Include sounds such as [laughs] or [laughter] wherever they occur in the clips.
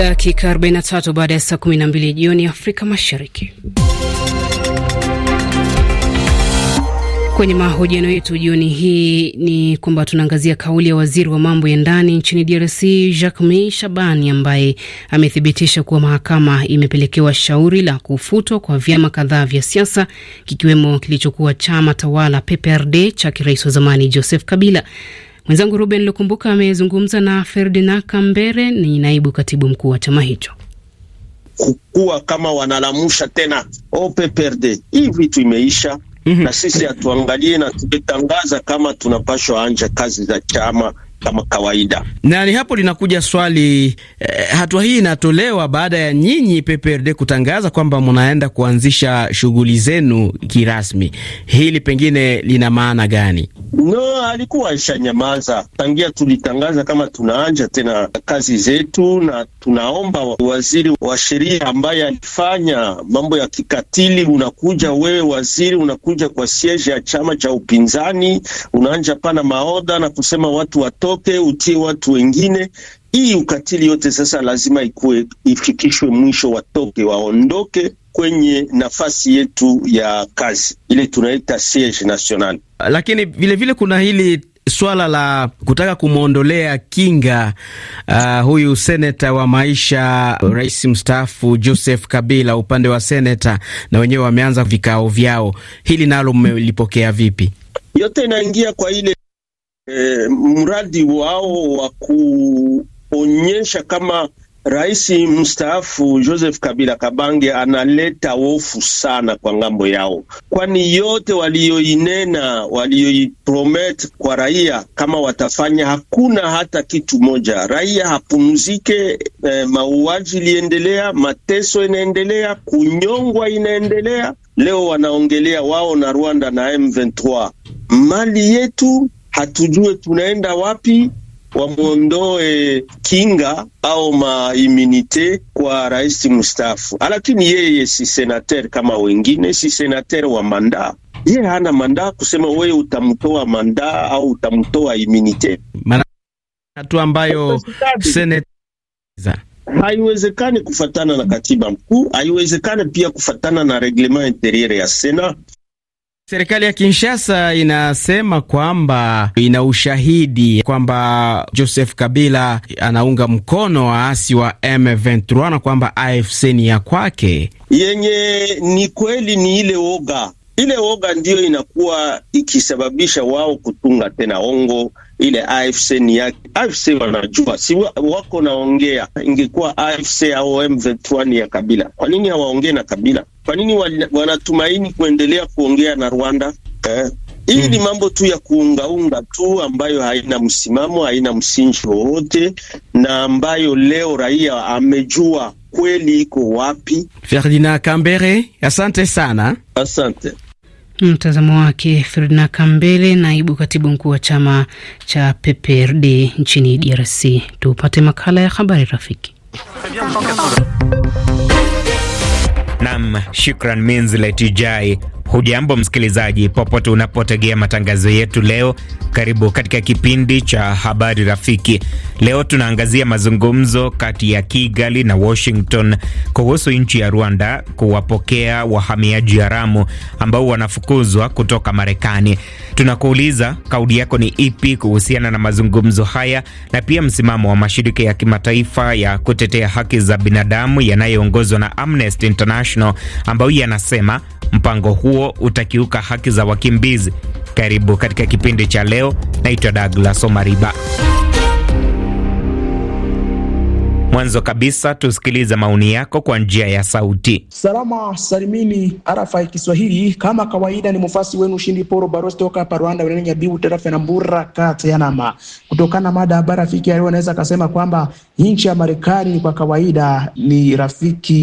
Dakika 43 baada ya saa 12 jioni Afrika Mashariki. Kwenye mahojiano yetu jioni hii ni kwamba tunaangazia kauli ya waziri wa mambo ya ndani nchini DRC Jacquemain Shabani ambaye amethibitisha kuwa mahakama imepelekewa shauri la kufutwa kwa vyama kadhaa vya siasa kikiwemo kilichokuwa chama tawala PPRD cha kirais wa zamani Joseph Kabila. Mwenzangu Ruben Lukumbuka amezungumza na Ferdinand Kambere, ni naibu katibu mkuu wa chama hicho. Kukuwa kama wanalamusha tena OPPRD, hii vitu imeisha. Mhm. Na sisi hatuangalie na tukitangaza kama tunapashwa anja kazi za chama kama kawaida. Na ni hapo linakuja swali eh, hatua hii inatolewa baada ya nyinyi PPRD kutangaza kwamba mnaenda kuanzisha shughuli zenu kirasmi. Hili pengine lina maana gani? No, alikuwa ishanyamaza tangia tulitangaza kama tunaanja tena kazi zetu, na tunaomba waziri wa sheria ambaye alifanya mambo ya kikatili, unakuja wewe waziri, unakuja kwa sieje ya chama cha upinzani, unaanja pana maoda na kusema watu wato utoke utie watu wengine. Hii ukatili yote sasa lazima ikuwe ifikishwe mwisho, watoke waondoke kwenye nafasi yetu ya kazi ile tunaita siege national. Lakini vilevile vile kuna hili swala la kutaka kumwondolea kinga uh, huyu seneta wa maisha rais mstaafu Joseph Kabila upande wa seneta, na wenyewe wameanza vikao vyao. Hili nalo mmelipokea vipi? Yote inaingia kwa ile Eh, mradi wao wa kuonyesha kama rais mstaafu Joseph Kabila Kabange analeta hofu sana kwa ngambo yao, kwani yote walioinena walioipromet kwa raia kama watafanya, hakuna hata kitu moja. Raia hapumzike, eh, mauaji iliendelea, mateso inaendelea, kunyongwa inaendelea. Leo wanaongelea wao na Rwanda na M23, mali yetu hatujue tunaenda wapi, wamwondoe kinga au maimunite kwa rais mstaafu. Lakini yeye si senater kama wengine, si senater wa manda ye hana manda kusema wewe utamtoa manda au utamtoa imunite. Hatua ambayo seneti haiwezekani kufatana na katiba mkuu, haiwezekani pia kufatana na reglement interieur ya sena, Serikali ya Kinshasa inasema kwamba ina ushahidi kwamba Joseph Kabila anaunga mkono waasi wa M23 na kwamba AFC ni ya kwake. Yenye ni kweli ni ile woga, ile woga ndiyo inakuwa ikisababisha wao kutunga tena ongo ile AFC ni yake. AFC wanajua, si wako naongea. Ingekuwa AFC au M23 ni ya Kabila, kwa nini hawaongee na Kabila? Kwa nini wanatumaini kuendelea kuongea na Rwanda eh? Hii ni hmm. mambo tu ya kuungaunga tu ambayo haina msimamo, haina msingi wowote, na ambayo leo raia amejua kweli iko wapi. Ferdinand Kambere, asante sana, asante. Mtazamo wake Ferdinand Kambele, naibu katibu mkuu wa chama cha PPRD nchini DRC. Tupate makala ya habari rafiki. Nam, shukran Minziletijai. Hujambo msikilizaji, popote unapotegea matangazo yetu leo, karibu katika kipindi cha habari rafiki. Leo tunaangazia mazungumzo kati ya Kigali na Washington kuhusu nchi ya Rwanda kuwapokea wahamiaji haramu ambao wanafukuzwa kutoka Marekani. Tunakuuliza, kauli yako ni ipi kuhusiana na mazungumzo haya na pia msimamo wa mashirika ya kimataifa ya kutetea haki za binadamu yanayoongozwa na Amnesty International ambayo yanasema mpango huo huo utakiuka haki za wakimbizi. Karibu katika kipindi cha leo. Naitwa Douglas Omariba. Mwanzo kabisa tusikilize maoni yako kwa njia ya sauti. Salama salimini arafa ya Kiswahili, kama kawaida ni mufasi wenu ushindi poro barosi toka hapa Rwanda, wenene Nyabibu tarafa ya Nambura kata ya Nama. Kutokana na mada habari rafiki, anaweza akasema kwamba nchi ya Marekani kwa kawaida ni rafiki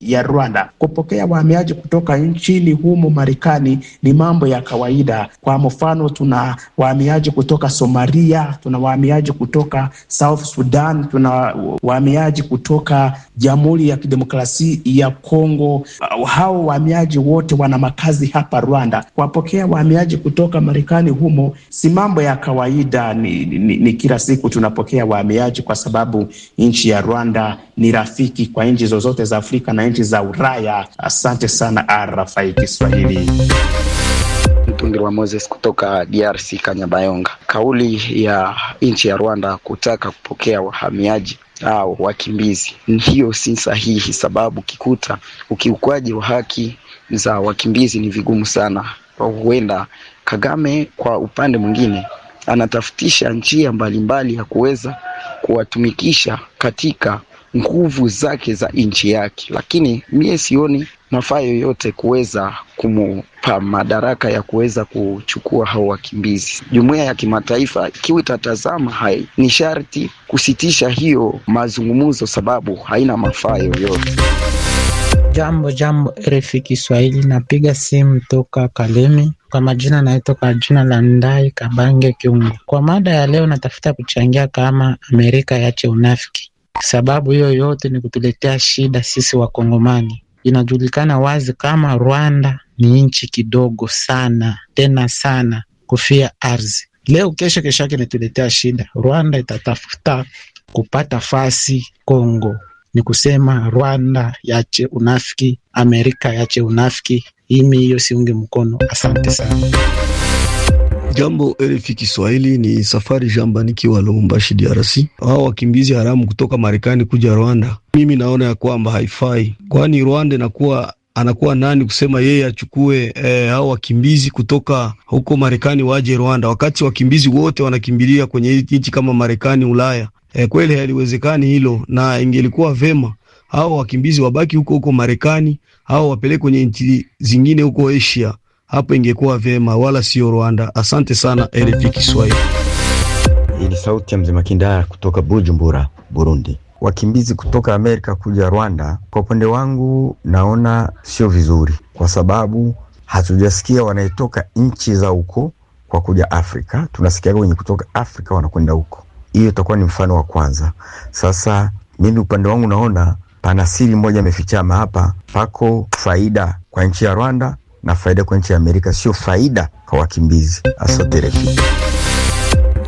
ya Rwanda. Kupokea wahamiaji kutoka nchini humo Marekani ni mambo ya kawaida. Kwa mfano, tuna wahamiaji kutoka Somalia, tuna wahamiaji kutoka South Sudan, tuna wahamiaji kutoka Jamhuri ya Kidemokrasia ya Kongo. Uh, hao wahamiaji wote wana makazi hapa Rwanda. Kuwapokea wahamiaji kutoka Marekani humo si mambo ya kawaida, ni, ni, ni kila siku tunapokea wahamiaji, kwa sababu nchi ya Rwanda ni rafiki kwa nchi zozote za Afrika na nchi za Ulaya. Asante sana RFI Kiswahili. Mtungi wa Moses kutoka DRC Kanyabayonga. Kauli ya nchi ya Rwanda kutaka kupokea wahamiaji au wakimbizi, hiyo si sahihi, sababu kikuta ukiukwaji wa haki za wakimbizi ni vigumu sana. Huenda Kagame kwa upande mwingine anatafutisha njia mbalimbali ya kuweza kuwatumikisha katika nguvu zake za nchi yake, lakini mie sioni nafaa yoyote kuweza kumpa madaraka ya kuweza kuchukua hao wakimbizi. Jumuiya ya kimataifa ikiwa itatazama hai, ni sharti kusitisha hiyo mazungumzo, sababu haina mafaa yoyote. Jambo jambo, RFI Kiswahili, napiga simu toka Kalemi. Kwa majina naitwa kwa jina la Ndai Kabange Kiungo. Kwa mada ya leo, natafuta kuchangia kama Amerika yache unafiki Sababu hiyo yote ni kutuletea shida sisi Wakongomani. Inajulikana wazi kama Rwanda ni nchi kidogo sana tena sana kufia ardhi. Leo kesho kesho yake inatuletea shida, Rwanda itatafuta kupata fasi Kongo. Ni kusema Rwanda yache unafiki, Amerika yache unafiki. Imi hiyo siungi mkono. Asante sana. Jambo RFI Kiswahili, ni Safari Jamba nikiwa Lubumbashi, DRC. Hao wakimbizi haramu kutoka Marekani kuja Rwanda, mimi naona ya kwamba haifai, kwani Rwanda inakuwa anakuwa nani kusema yeye achukue eh, hao wakimbizi kutoka huko Marekani waje Rwanda, wakati wakimbizi wote wanakimbilia kwenye nchi kama Marekani, Ulaya. Eh, kweli haliwezekani hilo, na ingelikuwa vema hao wakimbizi wabaki huko huko Marekani au wapeleke kwenye nchi zingine huko Asia hapo ingekuwa vyema, wala sio Rwanda. Asante sana RFI Kiswahili. Hii ni sauti ya mzima Kindara kutoka Bujumbura, Burundi. Wakimbizi kutoka Amerika kuja Rwanda, kwa upande wangu naona sio vizuri, kwa sababu hatujasikia wanayetoka nchi za huko kwa kuja Afrika. Tunasikia wenye kutoka Afrika wanakwenda huko. Hiyo itakuwa ni mfano wa kwanza. Sasa mimi upande wangu naona pana siri moja imefichama hapa, pako faida kwa nchi ya Rwanda na faida kwa nchi ya Amerika sio faida kwa wakimbizi. Asante.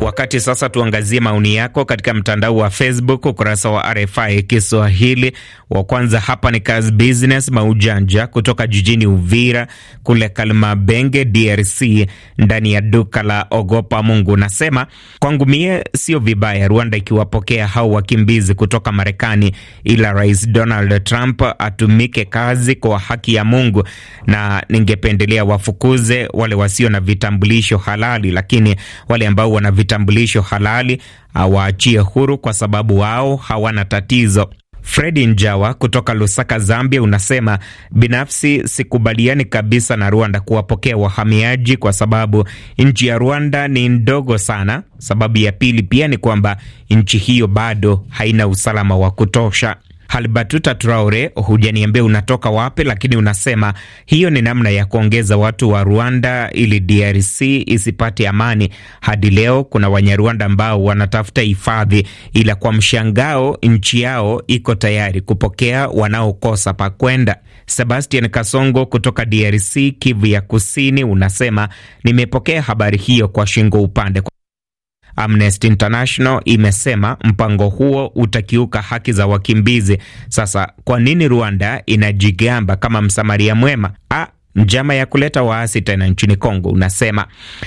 Wakati sasa tuangazie maoni yako katika mtandao wa Facebook, ukurasa wa RFI Kiswahili. Wa kwanza hapa ni Kaz Business Maujanja kutoka jijini Uvira kule Kalmabenge, DRC, ndani ya duka la Ogopa Mungu. Nasema kwangu mie sio vibaya Rwanda ikiwapokea hao wakimbizi kutoka Marekani, ila Rais Donald Trump atumike kazi kwa haki ya Mungu, na ningependelea wafukuze wale wasio na vitambulisho halali, lakini wale ambao wana vitambulisho halali awaachie huru kwa sababu wao hawana tatizo. Fredi Njawa kutoka Lusaka, Zambia, unasema binafsi sikubaliani kabisa na Rwanda kuwapokea wahamiaji kwa sababu nchi ya Rwanda ni ndogo sana. Sababu ya pili pia ni kwamba nchi hiyo bado haina usalama wa kutosha. Halbatuta Traore, hujaniambia unatoka wapi, lakini unasema hiyo ni namna ya kuongeza watu wa Rwanda ili DRC isipate amani. Hadi leo kuna Wanyarwanda ambao wanatafuta hifadhi, ila kwa mshangao nchi yao iko tayari kupokea wanaokosa pa kwenda. Sebastian Kasongo kutoka DRC, Kivu ya Kusini, unasema nimepokea habari hiyo kwa shingo upande. Amnesty International imesema mpango huo utakiuka haki za wakimbizi. Sasa kwa nini Rwanda inajigamba kama msamaria mwema? A, njama ya kuleta waasi tena nchini Kongo, unasema.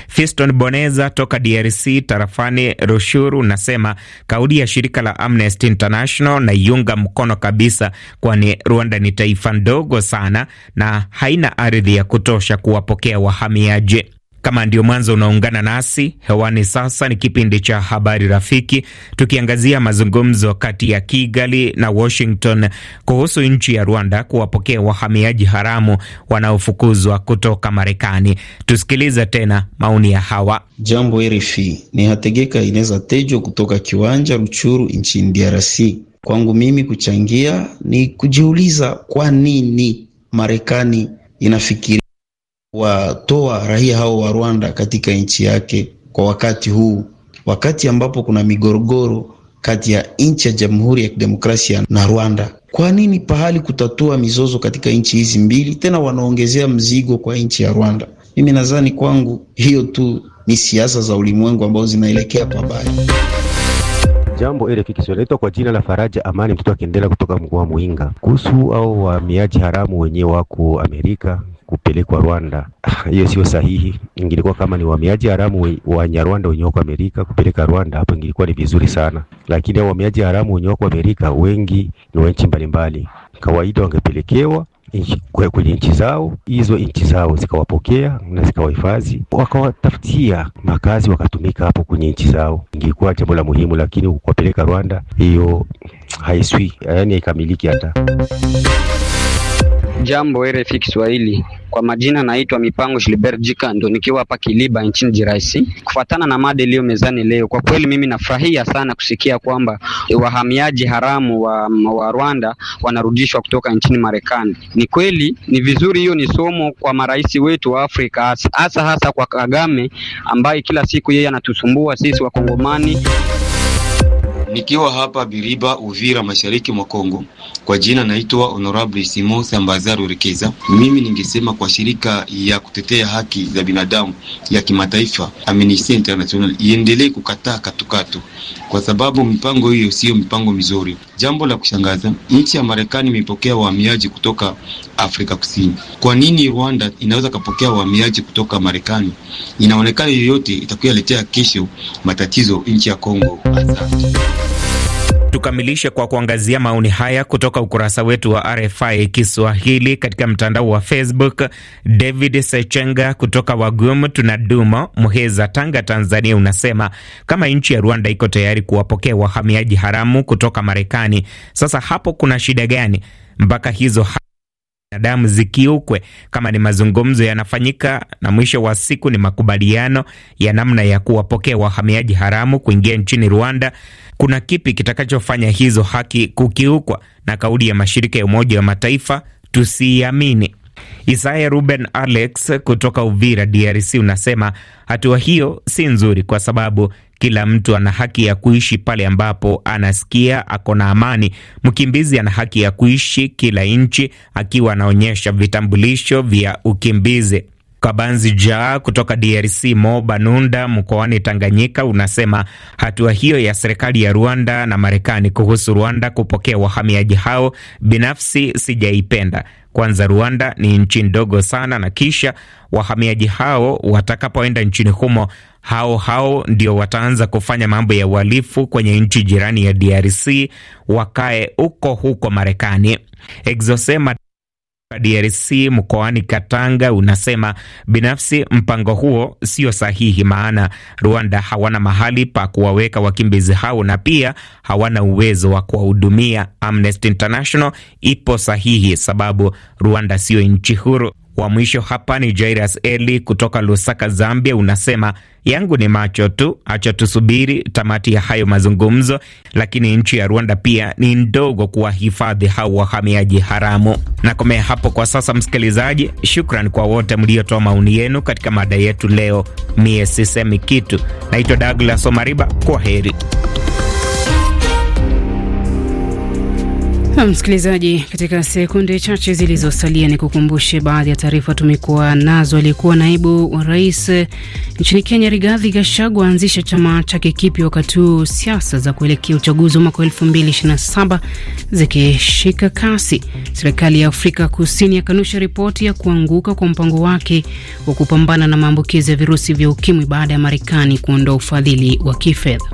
Fiston Boneza toka DRC tarafani Rushuru unasema kauli ya shirika la Amnesty International naiunga mkono kabisa, kwani Rwanda ni taifa ndogo sana na haina ardhi ya kutosha kuwapokea wahamiaji. Kama ndio mwanzo unaungana nasi hewani, sasa ni kipindi cha Habari Rafiki, tukiangazia mazungumzo kati ya Kigali na Washington kuhusu nchi ya Rwanda kuwapokea wahamiaji haramu wanaofukuzwa kutoka Marekani. Tusikilize tena maoni ya hawa. Jambo RFI, ni Hategeka inaweza tejwa kutoka kiwanja Ruchuru nchini DRC. Kwangu mimi kuchangia ni kujiuliza kwa nini Marekani inafikiria kuwatoa raia hao wa Rwanda katika nchi yake kwa wakati huu, wakati ambapo kuna migorogoro kati ya nchi ya Jamhuri ya Kidemokrasia na Rwanda. Kwa nini pahali kutatua mizozo katika nchi hizi mbili tena wanaongezea mzigo kwa nchi ya Rwanda? Mimi nadhani kwangu hiyo tu ni siasa za ulimwengu ambazo zinaelekea pabaya. Jambo ile fikisho inaitwa kwa jina la Faraja Amani, mtoto akiendelea kutoka mkoa wa Muinga. Kuhusu au wahamiaji haramu wenyewe wako Amerika kupelekwa Rwanda. [laughs] Hiyo sio sahihi. Ingilikuwa kama ni wahamiaji haramu Wanyarwanda wenye wako Amerika kupeleka Rwanda, hapo ingilikuwa ni vizuri sana, lakini hao wahamiaji haramu wenye wako Amerika wengi ni wa nchi mbalimbali, kawaida wangepelekewa kwenye nchi zao, hizo nchi zao zikawapokea na zikawahifadhi, wakawatafutia makazi, wakatumika hapo kwenye nchi zao, ingekuwa jambo la muhimu, lakini kuwapeleka Rwanda hiyo haiswi, yaani haikamiliki hata Jambo RFI Kiswahili, kwa majina naitwa Mipango Gilbert ndo nikiwa hapa Kiliba nchini Jiraisi. kufuatana na mada iliyo mezani leo. Kwa kweli mimi nafurahia sana kusikia kwamba wahamiaji haramu wa, wa Rwanda wanarudishwa kutoka nchini Marekani. Ni kweli, ni vizuri, hiyo ni somo kwa marais wetu wa Afrika, hasa hasa kwa Kagame ambaye kila siku yeye anatusumbua sisi Wakongomani. Nikiwa hapa Biriba, Uvira, mashariki mwa Kongo. Kwa jina naitwa Honorable simo Sambazaru Rekeza. Mimi ningesema kwa shirika ya kutetea haki za binadamu ya kimataifa Amnesty International iendelee kukataa katukatu, kwa sababu mipango hiyo siyo mipango mizuri. Jambo la kushangaza, nchi ya Marekani imepokea wahamiaji kutoka Afrika Kusini. Kwa nini Rwanda inaweza kapokea wahamiaji kutoka Marekani? Inaonekana yoyote itakuwa letea kesho matatizo nchi ya Kongo. Asante. Tukamilishe kwa kuangazia maoni haya kutoka ukurasa wetu wa RFI Kiswahili katika mtandao wa Facebook. David Sechenga kutoka Wagum tuna Duma, Muheza, Tanga, Tanzania, unasema kama nchi ya Rwanda iko tayari kuwapokea wahamiaji haramu kutoka Marekani, sasa hapo kuna shida gani mpaka hizo binadamu zikiukwe, kama ni mazungumzo yanafanyika na mwisho wa siku ni makubaliano ya namna ya kuwapokea wahamiaji haramu kuingia nchini Rwanda, kuna kipi kitakachofanya hizo haki kukiukwa? Na kauli ya mashirika ya Umoja wa Mataifa tusiiamini. Isaya Ruben Alex kutoka Uvira, DRC, unasema hatua hiyo si nzuri kwa sababu kila mtu ana haki ya kuishi pale ambapo anasikia ako na amani. Mkimbizi ana haki ya kuishi kila nchi akiwa anaonyesha vitambulisho vya ukimbizi. Kabanzi ja kutoka DRC, Mo Banunda, mkoani Tanganyika, unasema hatua hiyo ya serikali ya Rwanda na Marekani kuhusu Rwanda kupokea wahamiaji hao binafsi sijaipenda. Kwanza Rwanda ni nchi ndogo sana, na kisha wahamiaji hao watakapoenda nchini humo, hao hao ndio wataanza kufanya mambo ya uhalifu kwenye nchi jirani ya DRC, wakae huko huko Marekani. Exosema DRC mkoani Katanga unasema binafsi mpango huo sio sahihi, maana Rwanda hawana mahali pa kuwaweka wakimbizi hao na pia hawana uwezo wa kuwahudumia. Amnesty International ipo sahihi, sababu Rwanda sio nchi huru. Wa mwisho hapa ni Jairus Eli kutoka Lusaka, Zambia, unasema yangu ni macho tu, acha tusubiri tamati ya hayo mazungumzo, lakini nchi ya Rwanda pia ni ndogo kuwahifadhi hao wahamiaji haramu. Nakomea hapo kwa sasa, msikilizaji. Shukran kwa wote mliotoa maoni yenu katika mada yetu leo. Mie sisemi kitu. Naitwa Douglas Omariba, kwa heri. Na msikilizaji, katika sekunde chache zilizosalia, ni kukumbushe baadhi ya taarifa tumekuwa nazo. Aliyekuwa naibu wa rais nchini Kenya Rigathi Gachagua anzisha chama chake kipya, wakati huu siasa za kuelekea uchaguzi wa mwaka saba zikishika kasi. Serikali ya Afrika Kusini yakanusha ripoti ya kuanguka kwa mpango wake wa kupambana na maambukizi ya virusi vya ukimwi baada ya Marekani kuondoa ufadhili wa kifedha.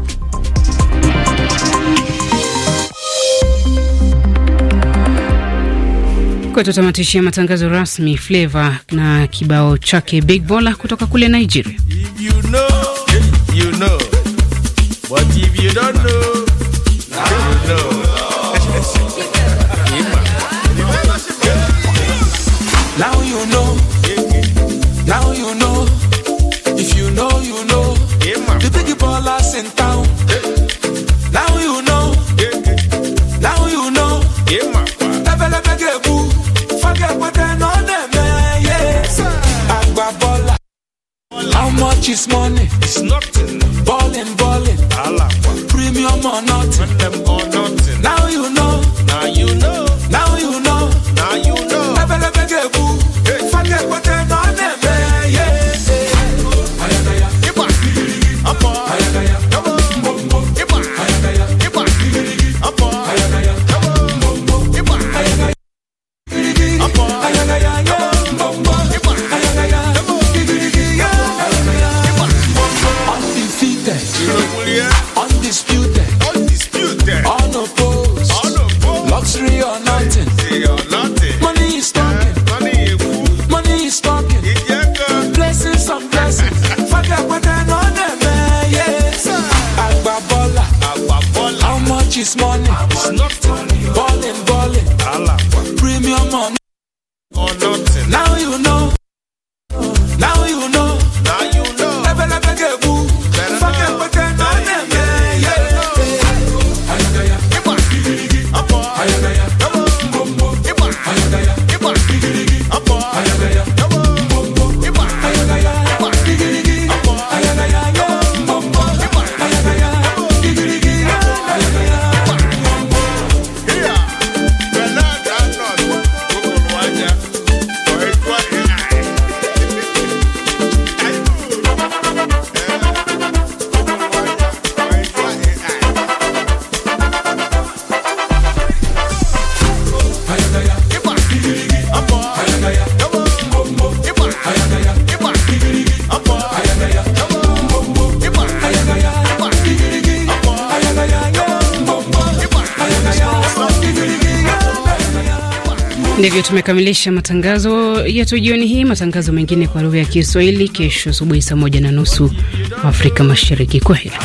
Kwa tutamatishia matangazo rasmi Fleva na kibao chake Big Bola kutoka kule Nigeria. you know much is money? It's nothing. Balling, balling. Alapa. Premium or nothing. them or nothing. Now you know. Now you know. Now you know. Now you know. Now you know. this money, It's nothing. Balling, balling. Premium money, Or oh, nothing. Now you know. Ndivyo tumekamilisha matangazo yetu jioni hii. Matangazo mengine kwa lugha ya Kiswahili kesho asubuhi saa moja na nusu Afrika Mashariki. Kwa heri.